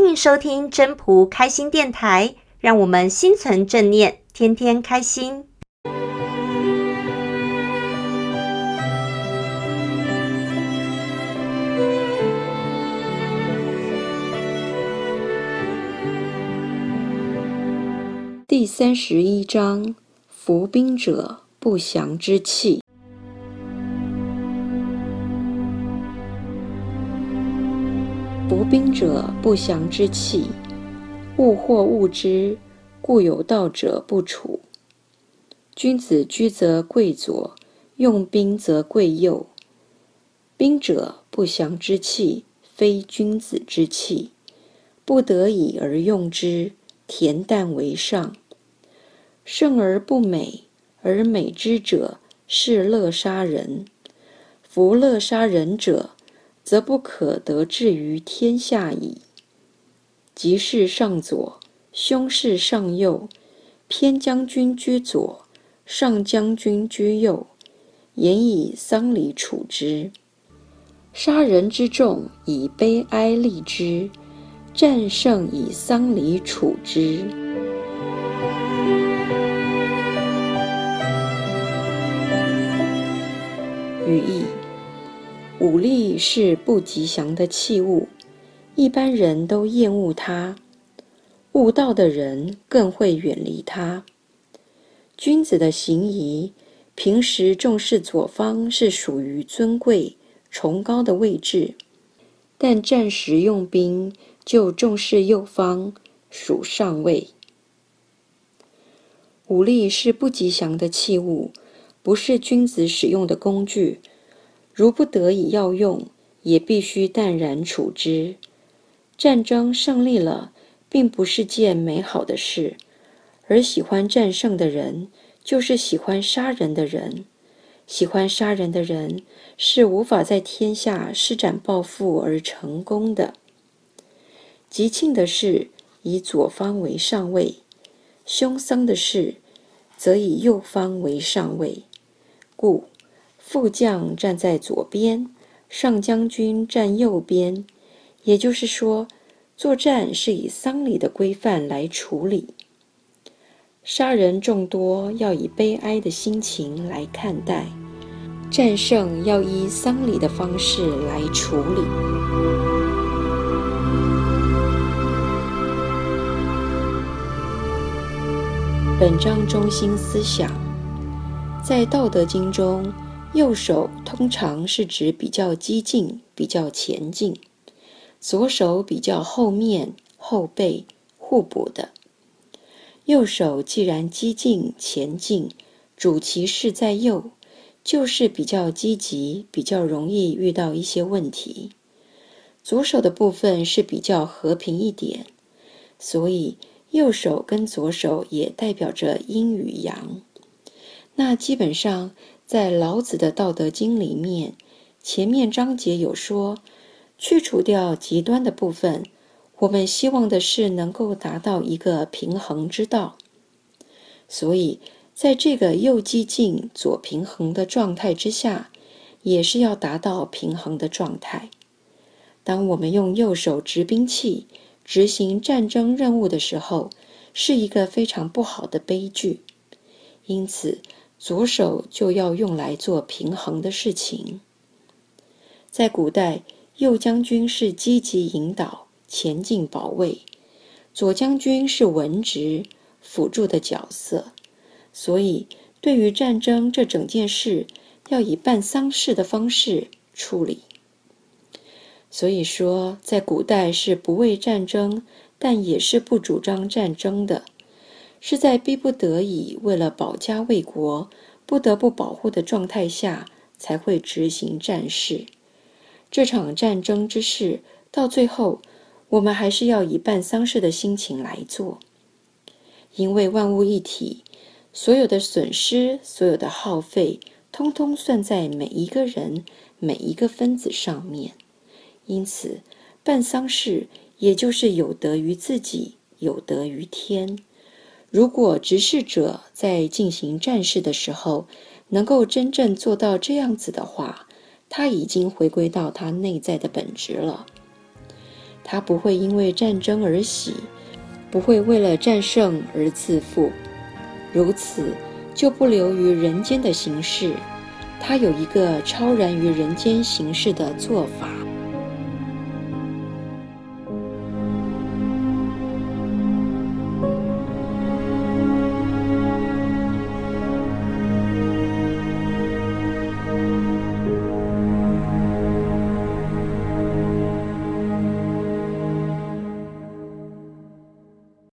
歡迎收聽真樸開心電台，讓我們心存正念，天天開心。第三十一章：夫兵者，不祥之器。夫兵者，不祥之器。物或物之，故有道者不處。君子居則貴左，用兵則貴右。兵者，不祥之器，非君子之器。不得已而用之，恬淡為上。勝而不美，而美之者，是樂殺人。夫樂殺人者，則不可得志於天下矣。吉事尚左，凶事尚右。偏將軍居左，上將軍居右。言以喪禮處之。殺人之眾，以悲哀泣之。戰勝以喪禮處之。語義。武力是不吉祥的器物，一般人都厭惡它，悟道的人更會遠離它。君子的行儀，平時重視左方是屬於尊貴、崇高的位置，但戰時用兵就重視右方，屬上位。武力是不吉祥的器物，不是君子使用的工具。如不得已要用，也必須淡然處之。戰爭勝利了，並不是件美好的事，而喜歡戰勝的人，就是喜歡殺人的人。喜歡殺人的人，是無法在天下施展抱負而成功的。吉慶的事，以左方為上位；凶喪的事，則以右方為上位。故。副將站在左邊，上將軍站右邊，也就是說，作戰是以喪禮的規範來處理。殺人眾多，要以悲哀的心情來看待；戰勝，要依喪禮的方式來處理。本章中心思想，在《道德經》中，右手通常是指比較激進、比較前進，左手比較後面、後背互補的。右手既然激進、前進，主其勢在右，就是比較積極，比較容易遇到一些問題。左手的部分是比較和平一點，所以右手跟左手也代表着陰與陽。那基本上。在老子的《道德經》裡面，前面章節有說，去除掉極端的部分，我們希望的是能夠達到一個平衡之道。所以，在這個右激進、左平衡的狀態之下，也是要達到平衡的狀態。當我們用右手執兵器執行戰爭任務的時候，是一個非常不好的悲劇。因此。左手就要用來做平衡的事情。在古代，右將軍是積極引導、前進、保衛；左將軍是文職、輔助的角色。所以，對於戰爭這整件事，要以辦喪事的方式處理。所以說，在古代是不畏戰爭，但也是不主張戰爭的。是在逼不得已、為了保家衛國不得不保護的狀態下才會執行戰事。這場戰爭之事到最後，我們還是要以辦喪事的心情來做，因為萬物一體，所有的損失、所有的耗費，通通算在每一個人、每一個分子上面。因此，辦喪事也就是有德於自己，有德於天。如果執事者在進行戰事的時候，能夠真正做到這樣子的話，他已經回歸到他內在的本質了。他不會因為戰爭而喜，不會為了戰勝而自負。如此，就不流於人間的形式。他有一個超然於人間形式的做法。